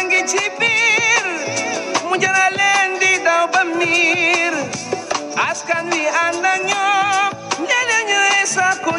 yaa ngi ci biir mu jara leen di daw ba miir askan wi ànd ak ñoom ñeneen ñi